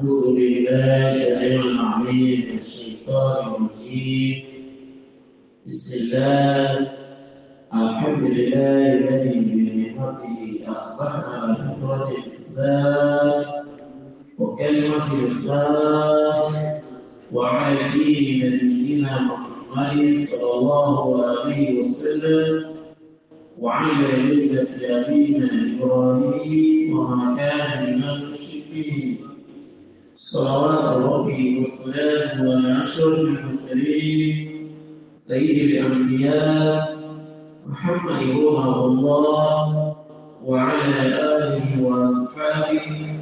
أعوذ بالله السميع العليم من الشيطان الرجيم بسم الله الحمد لله الذي بنعمته أصبحنا على فطرة الإسلام وكلمة الإخلاص وعلى دين نبينا محمد صلى الله عليه وسلم وعلى ملة أبينا إبراهيم وما كان من المشركين صلوات ربي والصلاه على أشرف المرسلين سيد الأنبياء محمد بن الله وعلى آله وأصحابه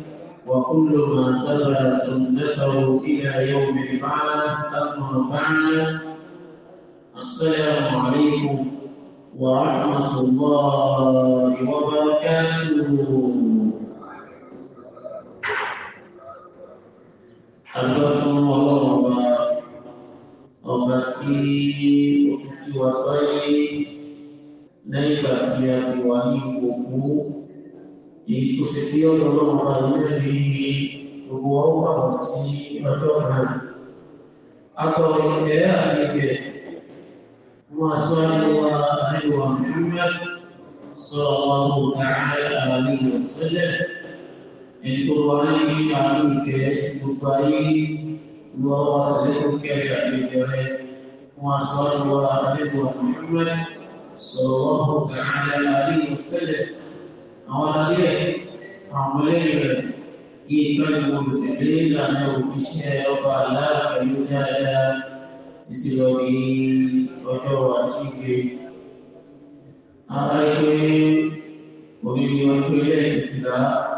وكل ما تبع سنته إلى يوم البعث أما بعد السلام عليكم ورحمة الله وبركاته adúlọ́tún ọlọ́run ọba ọba sí oṣù tí wà sáyé lẹ́yìn ìgbà tí a ti wà ní òkú èyí tó ṣe pé ọ̀dọ̀ ọlọ́run àwọn sí ọjọ́ sallallahu alaihi wasallam Jadi turunan ini harus guys berbaik dua wasallam kerja kerja muasal dua hari dua Muhammad sallallahu taala alaihi wasallam awal dia amalnya ikan mujahil dan mujisnya ya Allah kayunya ada sisi lagi ojo wajib hari ini Mungkin dia tidak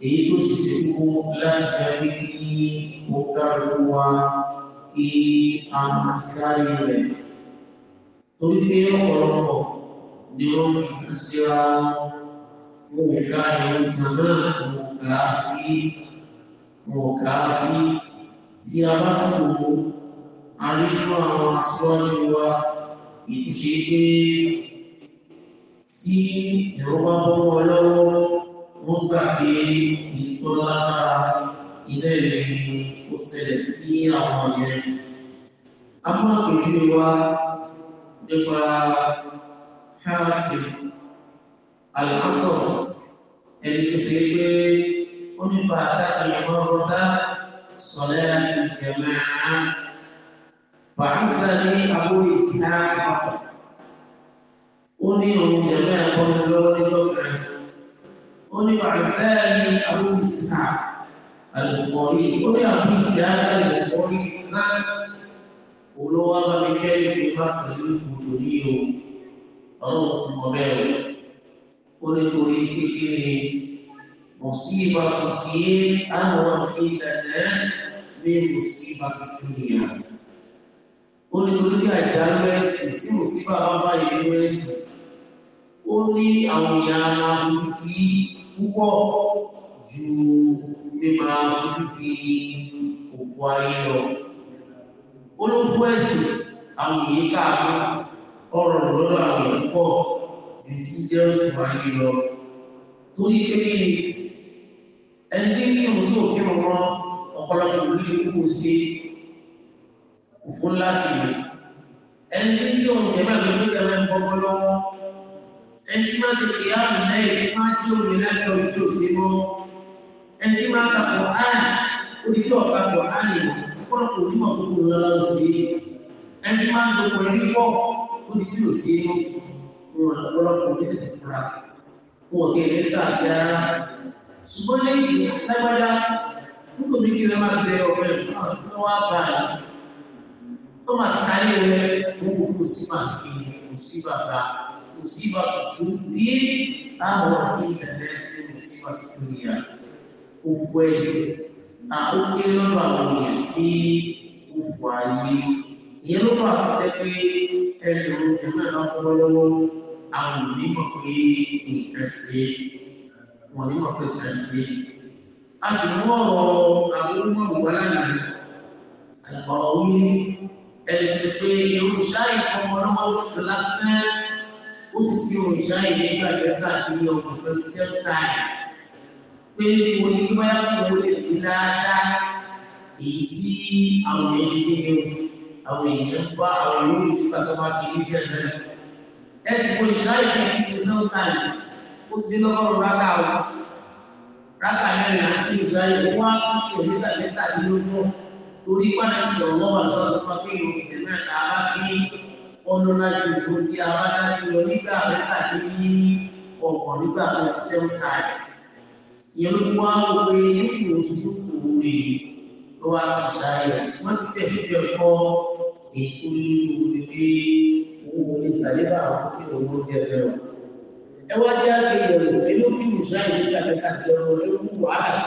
itu sisimu lah jadi buka ruang i amasari le. Tuli teo kolombo nyo kasiwa buka yang sama demokrasi demokrasi siapa sahulu ada dua maswa dua itu sih si Eropa boleh wọ́n gbà pé ìfọlágbára ilé rẹ̀ ni ó ṣẹlẹ̀ sí àwọn yẹn. a máa pèjú wa nípa káàtì àlàásọ ẹni tó ṣe pé ó nípa àtàtì ìmọ̀ọ́rọ́dá sọ̀lẹ́ àti ìjẹ̀mẹ̀ àá. فعزني أبو إسحاق حفص. قل يوم جماعة الله لجمعة قل وعزاني أبو إسحاق البخاري قل يا أبو إسحاق البخاري قولوا أبا بكالي بمحمد الكتوري روح المبارك قل تريد كيني مصيبة الدين أهون عند الناس من مصيبة الدنيا قل تريد أجال ويسي مصيبة ربا يويسي ó ní àwọn ìyá ara ojú kí púpọ̀ ju mímá ojú di òfò ayé lọ. olóńgbò ẹ̀sìn àwọn òye káàkó ọ̀rọ̀ lọ́dọ̀ àwọn ẹ̀kọ́ ètí jẹ́ òfò ayé lọ. torí kékeré ẹni tí kí ohun tí òkè mọ̀ mọ́ ọ̀pọ̀lọpọ̀ lórí kúkú sí òfò ńlá ẹni tí kí ohun jẹ́ mẹ́rin ló jẹ́ lọ́wọ́. ẹnjima ti kì í àwọn ẹyẹ nípa tí ó nílẹ̀ tó ń tó sí mọ́ ẹnjima kàkọ́ áyà oníkẹ́ ọ̀gá kọ́ áyà ọ̀pọ̀lọpọ̀ onímọ̀ gbogbo lọ́la ó sí ẹnjima ń dọ̀pọ̀ ẹni pọ̀ oníkẹ́ ó sí mọ́ ọ̀rọ̀ ọ̀pọ̀lọpọ̀ ní tẹ̀tẹ̀ kura kó o ti ẹ̀ lẹ́tà sí ara ṣùgbọ́n ní ìṣẹ̀ lágbájá kúkú mi kí n máa tẹ ọ̀pẹ tó máa ti ta ilé rẹ̀ kó o kò sí máa ti kò sí bàbá. usivatutie au amor nasi usivatutumia ufu wetu ukiri O àwọn èèyàn sí ufu ayé ìyẹn ló fà tẹ́ pé ẹlòmíràn não náà kọ́ lọ́wọ́ àwọn não pé nǹkan sí wọn onímọ̀ pé nǹkan sí a sì mú ọ̀rọ̀ a onímọ̀ wà lánàá àgbà orí ẹni tí pé irú ṣáà ìfọwọ́ lọ́wọ́ lásán ó sì fi òun ṣá ìlú ìgbàgbẹ́ta ní ọ̀gbọ̀n twenty seven times pé mo ní wọ́n yá kó lè fi dáadáa èyí tí àwọn èèyàn ṣe gbé mi o àwọn èèyàn ń bá àwọn olóyè nípa tó bá fi níjẹ náà ẹ sì mo ṣá ìlú ìgbàgbẹ́ta seven times ó ti dé lọ́gọ́rùn-ún rákà o rákà mẹ́rin àti ìṣá ìlú wá sí òmítà mẹ́tàdínlógún torí pàdánù sọ̀rọ̀ wọ́n wà ọlọ́lá ju ìbò tí a bá dájú lọ nígbà mẹ́ta ní ní ọ̀pọ̀ nígbà tó ń seven times. ìyẹn ló wá wọ pé nínú oṣù tó kò wé ló wá kì í ṣáyẹ̀ wọ́n sì tẹ̀síbẹ̀ kọ́ ètò nínú ìwé owó wọlé sàlẹ́bà àwọn kí owó jẹ bẹ́ẹ̀ ẹ wá jẹ́ àgbẹ̀yẹ̀wò ẹnu bí ìwòsàn yìí nígbà mẹ́ta lọ́wọ́ ẹwú wàhálà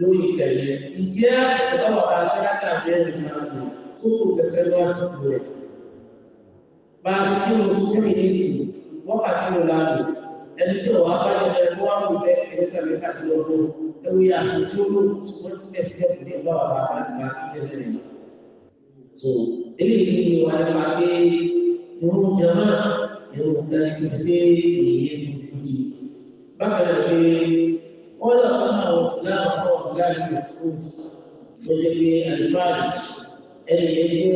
lórí ìtẹ̀lé ìgbé àsìkò tó wà láti láti àbí ẹni máa lò tó kù kẹ̀kẹ́ lọ àsìkò rẹ̀. Bá a ti kí mo ti fún mi ní ìsìn, wọ́n kà tí mo la lò. Ẹni tí òwò abájọ ẹ kó wá wù bẹ́ẹ̀ ẹni tàbí tàbí ọgbọ́n. Ẹwù yà sùn tí ó lò wọ́n sì tẹ̀sílẹ̀ fún ẹgbẹ́ wà bá bá a bẹ́ẹ̀ So eléyìí ni wà ní wàá pé irú jama irú ولا أنه فلان هو فلان مسعود سجل الفرج الذي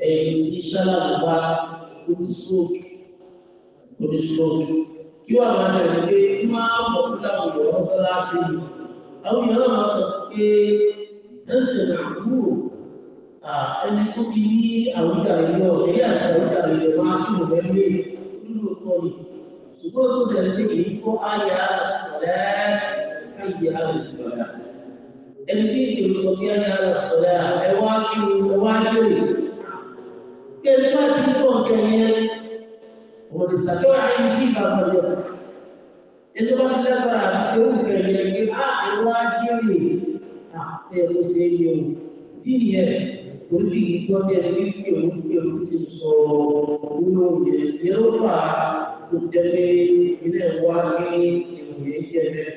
يتشرب كل سوق كل سوق kí wàá máa ṣẹlẹ̀ pé máa mọ̀ kí láwùjọ wọn sọ́lá sí i àwọn èèyàn náà máa sọ pé ẹ̀ǹtẹ̀ àbúrò ẹni tó ti ní àwùjáre ní ọ̀sẹ̀ yàtọ̀ àwùjáre lè máa kí òun lórí òkọ́ ṣùgbọ́n tó ṣẹlẹ̀ ní kì í kó àyà sọ̀rẹ́ káyé àwọn ìgbàlá ẹni tí ìdèrò sọ bí àyà sọ̀rẹ́ ẹ wá kí ẹ wá lórí kí ẹni bá ti ń bọ̀ kẹyẹ wọ́n ti sàtọ́ àyè jí ìbàbọ̀ yẹ ẹni bá ti lágbára àti ṣe òun kẹyẹ ní à ẹ wá jẹ́rì àti ẹ kó ṣe é yẹ o dí ìyẹn orí ìgbọ́ tí ẹni tí ń pè òun pè òun ti sọ òun lóye yẹn ló fà á ló jẹ́ pé ilé wa ní ìròyìn ẹ̀jẹ̀ rẹ̀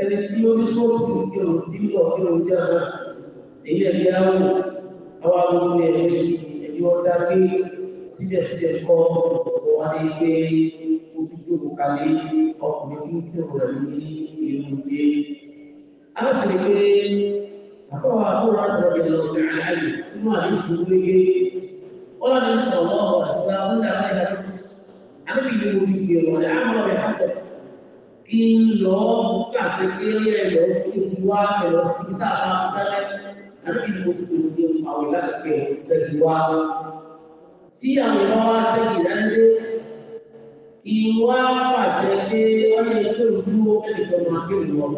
ẹni tí ó ní sóòtù kí o ti lọ kí o jẹ́ náà èyí ẹ̀jẹ̀ áwò àwọn agbóhùn ní ẹ̀jẹ̀ ẹ̀jẹ̀ ọ̀dà pé síbẹ̀síbẹ̀ kọ́ ọ̀pọ̀ wa ní pé o ti dúró kalẹ̀ ọkùnrin tí ń kí o rẹ̀ ní ìlú pé alásìrè pé àkọ́wà àkọ́wà àtọ̀rọ̀ ìlọ̀gbìn àlàyé nínú àdéhùn gbégé wọ́n lọ́dún sọ̀rọ̀ ọ̀rọ̀ àti àdébí ni mo ti gbèrò ọ̀dà àmọ́ rẹ̀ hàtẹ̀ kí n lọ bùkà sí pé ẹ̀rọ ìlú wa ẹ̀rọ sí tá a bá dáná àdébí ni mo ti gbèrò ní àwọn ìlàsìkè ìṣẹ́jú wa tí àwọn ìlú wa ṣẹ́gi ìdánilé kí n wá pàṣẹ pé wọ́n yẹ kó dúró ẹnìkan máa kí òun wọn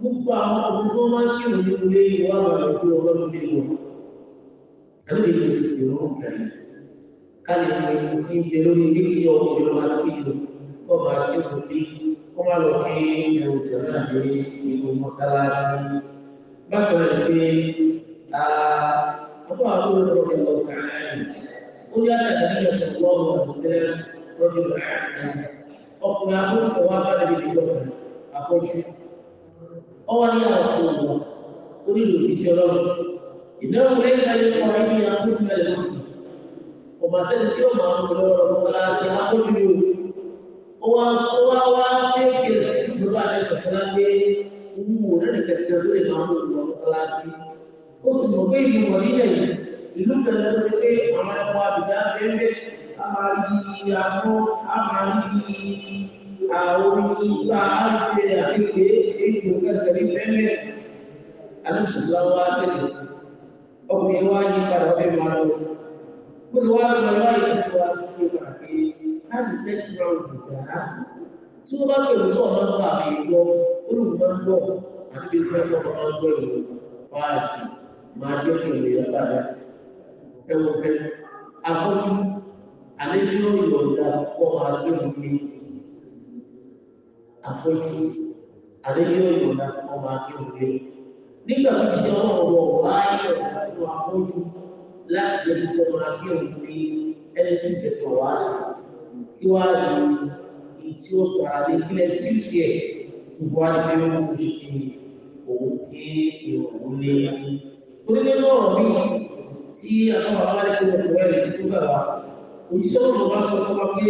gbogbo àwọn ọkùnrin tó máa kí òun ní ilé ìwà àgbàdo tó ọlọ́run ní ìwọ̀n àdébí ni mo ti gbèrò kálí ìwé tí ń tẹ lórí nígbìyà òkèrè ọmọ àti ìlú kọ́ máa ké kò bí kó máa lọ kí ẹrù tẹ̀ náà dé ìlú mọ́sálásí. bákan náà pé àwọn àbúrò náà lọ́kẹ́ lọ́kẹ́ ààrẹ ó yá tàbí bí ọ̀sẹ̀ wọ́n wọ́n wọ́n orang lọ́kẹ́ lọ́kẹ́ ààrẹ. ọkùnrin àbúrò kan wá bá ẹbí tó kàn àkọ́jú. ọwọ́ ní àwọn ọ̀sán ọ̀gbọ̀n ó nílò ìṣẹ́ ọlọ́run ìdánwò lẹ́yìn Masa di cium mahu keluar dari salah siapa pun itu. Orang sekolah orang ni kira sekali sebab ada kesalahan ni. Umur oh, ni ketika tu dia mahu keluar dari salah si. Kau semua ini mahu ini. Ibu dan ibu sendiri amal apa kita ambil amal di aku amal di aku ini amal di aku ini itu kan dari pemir. Anu sesuatu asal. Okey, wajib kalau pemalu ó ti wá lọ́dọ̀ lọ́yìn nípa ìgbà pé káàdì tẹ́sí ra òkùnkùn àá tí wọ́n bá pè ní sọ̀rọ̀ nípa àmì ìgbọ́ olùkọ́ ń bọ̀ àti bí wọ́n bọ̀ máa ń gbọ́ ìlú páàkì máa jẹ́ kí òye lágbàdá ẹwọ fẹ́ afọ́jú àlejò ìyọ̀ǹda kọ́ máa gbé òye afọ́jú àlejò ìyọ̀ǹda kọ́ máa gbé òye nígbà tó ti ṣe ọlọ́wọ́ wáyé ọ̀gá láti jẹ́ kí wọ́n máa bí òun ní ẹni tí ìjẹ́ kan wá sí kí wọ́n á lò ní tí ó gbà á lé kílẹ̀ sí ìṣe ẹ̀ gbogbo á lè fi wọ́n kó ṣe kí òun kí ìrọ̀rùn lé. onílé lọ́rọ̀ mi tí àwọn àwọn aláìkó wọn kọ́ ẹ̀rọ tó gbà oníṣẹ́ wọn bá sọ fún wa pé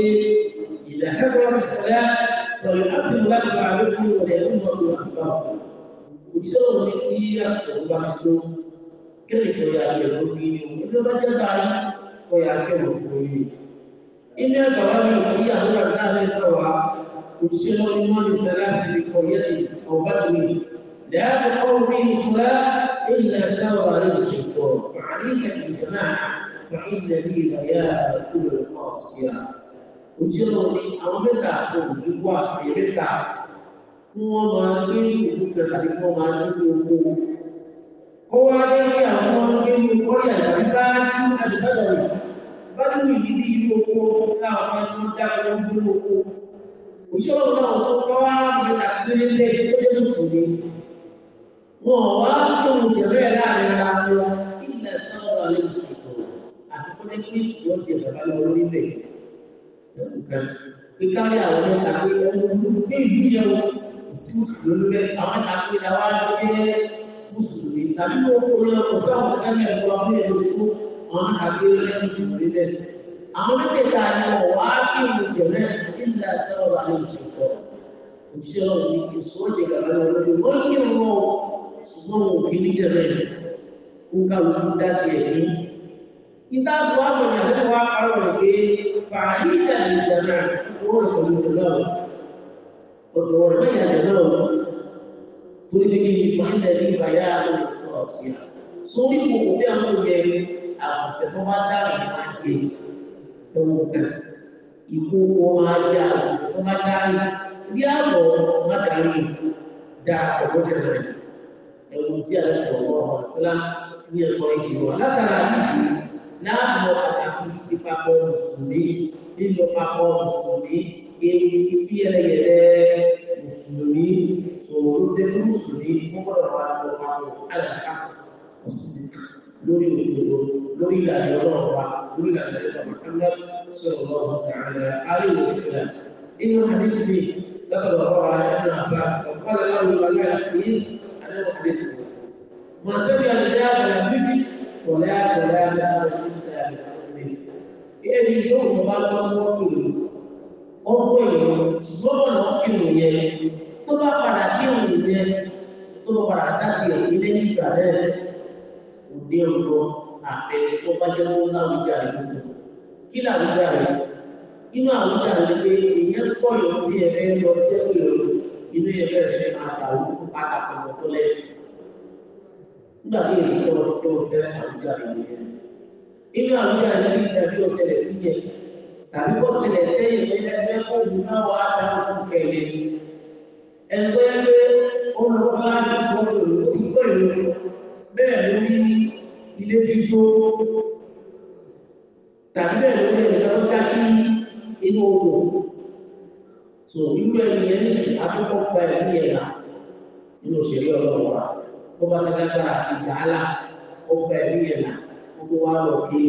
ìdá ẹgbẹ̀rún sọ̀rọ̀ pẹ̀lú àti láti máa lókun rẹ̀ ń lọ́dún àgbà òṣèlú ní tí kereta yang dia pergi ni dia baca tadi oh, ya, kau yang akan berpuluh ini ini adalah ni usia yang ada di bawah usia yang ada di salam di dikoyati atau batu dia ada kau bin sula illa tawa di sikur ma'alika di jemaah ma'inna di laya kul qasya usia yang ada di awbeta pun dibuat di reka Kau mati, kau mati, kau mati, kau هو عليه أمر من قرية بكاتب البدوي بدوي يدي يوكو كامل مدعو بلوكو وشو الله سبحانه بتقدير الله كل مسلم وواقع جبال على العالم إلا استغفر عليه المشركون أعتقد أن يسوع جبال على الولد bukan kita ni awak ni takut ni dia mesti mesti dulu kan awak takut awak ni mùsùlùmí tàbí kó kó lọ kó sáwọn akẹ́kẹ́ ẹ̀kọ́ bí ẹ̀rọ tó wọn àgbé lẹ́yìn mùsùlùmí bẹ́ẹ̀. àwọn mẹ́tẹ̀ẹ̀ta ni wọ́n wá kí ìlú jẹ̀mẹ́ ìlà sẹ́wọ̀n àlẹ́ ìṣẹ̀kọ́ òṣìṣẹ́ ọ̀rọ̀ ní kí sọ́ọ̀jẹ̀ gàdá lọ́wọ́ wọ́n kí wọ́n ṣùgbọ́n wọn kì í jẹ̀mẹ́ kó kálukú dá tiẹ̀ ní. ìdáàbò àwọn ìyàwó wa parọ́ ó rẹ̀ pẹ̀lú ìjà kuri ni imanda ni bayano kwasia suri ku kupia mtu yeye apate mabada ni maji tunga iku ko maja ko maja dia ko maja ni da ko je na ni ndio ni ala sio wa salam sio kwa hiyo wala kana hisi na mo atakisi pa kwa msumbi ndio pa kwa msumbi ili pia yeye mùsùlùmí tó ń tẹ́lẹ̀ mùsùlùmí wọ́n gbọ́dọ̀ máa lọ àwọn àlàkà ọ̀sìn lórí òjòjò lórí ìlànà ọlọ́run wa lórí ìlànà ẹ̀ka mọ̀kánlá sọ̀rọ̀ lọ́wọ́ tààlà àríwò sílá inú àdéṣe mi lọ́kọ̀dọ̀ ọ̀rọ̀ ara ẹ̀ka àbá ọ̀pọ̀lọpọ̀ láwùjọ alẹ́ àkùnrin àdéhùn àdéṣe mi. màá sẹ́bi àdéhùn àgbàlá bíbí wọ̀lẹ́ àṣọ̀lẹ́ ọgbọ ìrùn ṣùgbọ́n bọ̀nà ìrùn yẹn tó bá padà dé ìrùn yẹn tó bá padà dáti ẹ̀yìn lẹ́yìn ìgbà náà kò dé ọ̀dọ́ àbẹ tó bá jẹ́ kó láwùjá rẹ̀ tó kí láwùjá rẹ̀ inú àwùjá rẹ̀ pé èèyàn pọ̀ yọ bí ẹ̀rẹ́ lọ jẹ́ pé inú ẹ̀rẹ́ rẹ̀ máa dàrú pátákó tó lẹ́sìn nígbà tí èyí tó tó fẹ́ àwùjá rẹ̀ yẹn inú àwùjá rẹ̀ yẹn tàbí kó sílẹ̀ sẹ́yìn ní ẹgbẹ́ kó òun náà wà á dá òkú kẹ̀lé ẹgbẹ́ pé olùkọ́ aláṣọ òun ti kọ́ ìlú bẹ́ẹ̀ ló ní ilé fífó tàbí bẹ́ẹ̀ ló lè lọ́wọ́ dá sí inú oko tó irú ẹni ẹni sì akọ́kọ́ pa ẹ̀mí ẹ̀ là nínú òṣèré ọlọ́wọ́ wa bó bá ṣe dáadáa àti gàálà ó pa ẹ̀mí ẹ̀ là gbogbo wa rọ̀ pé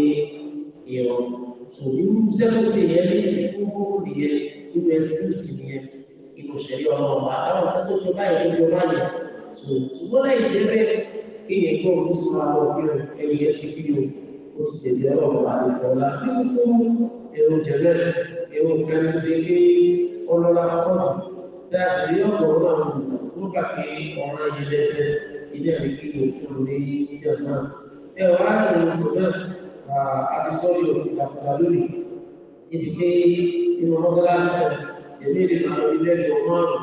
ìrọ̀ sòdúrú sẹ́kọ̀ọ́sì yẹn ní ìsìnkú gbogbo nìyẹn nínú ẹ̀sìnkúsì nìyẹn inú ṣẹ̀rí ọlọ́ọ̀bà àwọn tó tó báyìí ló jọ báyìí sò ṣùgbọ́n lẹ́yìn débẹ̀ kéèyàn kó òun sì máa lọ bí o ẹni yẹn ṣe bí o ó ti tẹ̀lé ọlọ́ọ̀bà àdìgbọ́lá nínú èrò jẹ̀lẹ̀ èrò kẹrin ti gé ọlọ́lá pọ̀jù tí a sì rí ọ̀pọ̀ ọlọ́run tó gbà pé ọ̀ràn yìí lẹ́fẹ̀ẹ́ ilé ẹ̀rí kí abisọ́yọ̀ ah, ìjàkúta lónìí níbi pé nínú mọ́sálásí kan èmi lè máa lọ ilé ẹ̀kọ́ márùn-ún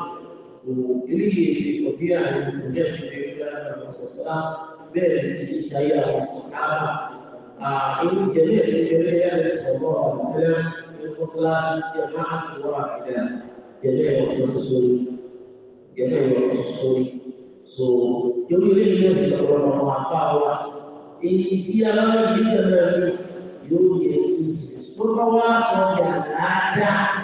tó eléyìí èsì ọ̀bí àwọn ìtòlẹ́ ìṣẹ̀lẹ̀ ìgbà àwọn sọ̀sọ́lá bẹ́ẹ̀ ni sì ṣayé àwọn sọ̀tàbà èyí jẹ̀lé ìṣẹ̀lẹ̀ yàrá ìṣọ̀bọ̀ àìsílẹ̀ nínú mọ́sálásí tí a máa ti wá àìdá jẹ̀lé ọ̀pọ̀ sọ̀sọ́rí jẹ̀lé ọ̀pọ̀ sọ̀sọ́rí so yorí ilé ìgbésí ọ̀rọ̀ àwọn àbá wa e dizia lá na vida da vida, eu me excuse, por favor, só me agrada.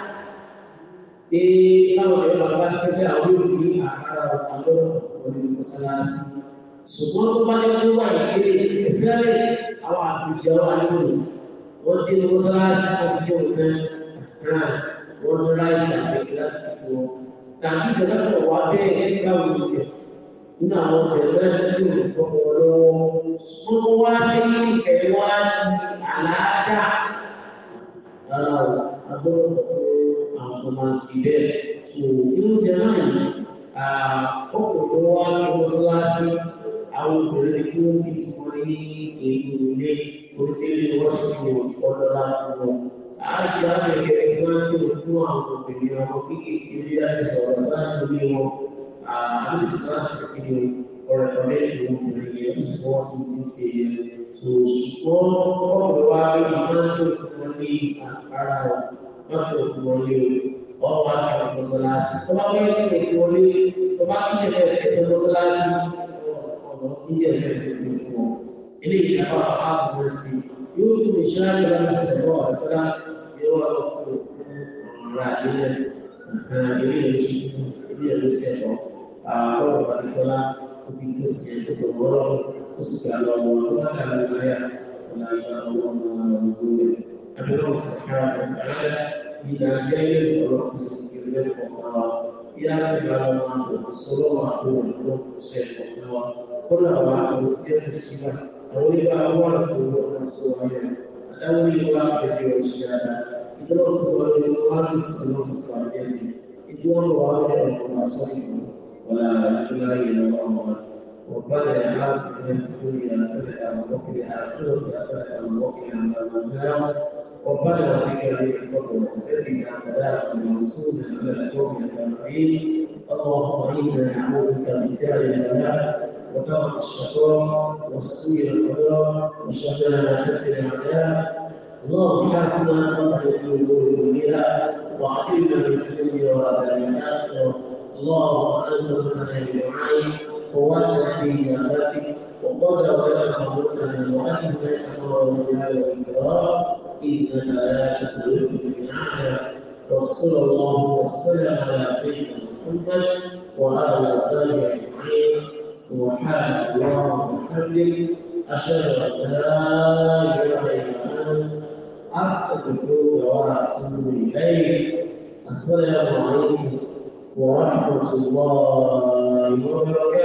E não, eu não vou pegar o meu filho, a cara do valor, o meu filho, o meu filho, Supondo que vai ter uma igreja especial, a lá, o pijão ali, o outro que você lá se conseguiu, né? O outro lá já se conseguiu. Tá aqui, que eu não vou até, ele tá muito tempo na àwọn tẹ̀lé ju ọ̀pọ̀lọpọ̀ wọn wá ní ẹ̀wá ní àlàáká ara ọ̀ agbọ́dọ̀ àfọmásì bẹ́ẹ̀ tó inú jẹ́nà yìí ọkùnrin tó wá ní mọ́ṣáláṣí àwọn obìnrin ní kí wọ́n fi ti wọ́n ní èyí ilé orílẹ̀-èdè wọ́ṣíńtìmọ̀ ọ̀dọ́lá ọ̀dọ́ àti àwọn ẹgbẹ́ ẹgbẹ́ wọn yóò fún àwọn obìnrin ọmọ kékeré láti sọ̀rọ̀ sáájú ní wọn. Uh, this is us looking for a foundation of the years for since to support all the while in order to be a part of not to call you all part of the Salas. So what we are going to call you, the part of the Salas is the Indian people. Ini kita akan berhati bersih. You to be shy dalam sebuah asalan, you are up to radio. Ini adalah Rusia. Ini adalah Rusia. Kalau kepada kita Kupintus yang itu berborong Khususnya Allah mengatakan Dalam ayat Menangkan Allah mengatakan Tapi Allah sekarang berkata Bila dia yang berborong Khususnya dia berkata Ya segala mampu Seluruh mampu Untuk saya berkata Kulah mampu Dia bersifat Awalikah awal Kulah mampu Ada wilayah Bagi orang itu semua itu harus semua seperti ini. Itu yang luar biasa yang masuk ولا تبين لهم ربنا آتنا في الدنيا سمعا وفي الآخرة سمعا وقنا عذاب النار ربنا وفق لي الصبر وسلم أعداء المنصور على القوم الكافرين اللهم إنا نعوذ بك من دار البلاء ودرك الشقاء وسوء القضاء وشتان حسن الأعداء اللهم حسنا قبل الأمور كلها وعقلنا من الدنيا وعلى الآخرة الله أنت من الدعاء ووالنا بإجابته وقد ولنا وأنت أمر الكرام إنك لا تخلف الميعاد وصلى الله وسلم على سيدنا محمد وعلى آله أجمعين سبحان الله وبحمده أشهد أن لا إله إلا أنت أستغفرك وأتوب إليك السلام عليكم ورحمة الله وبركاته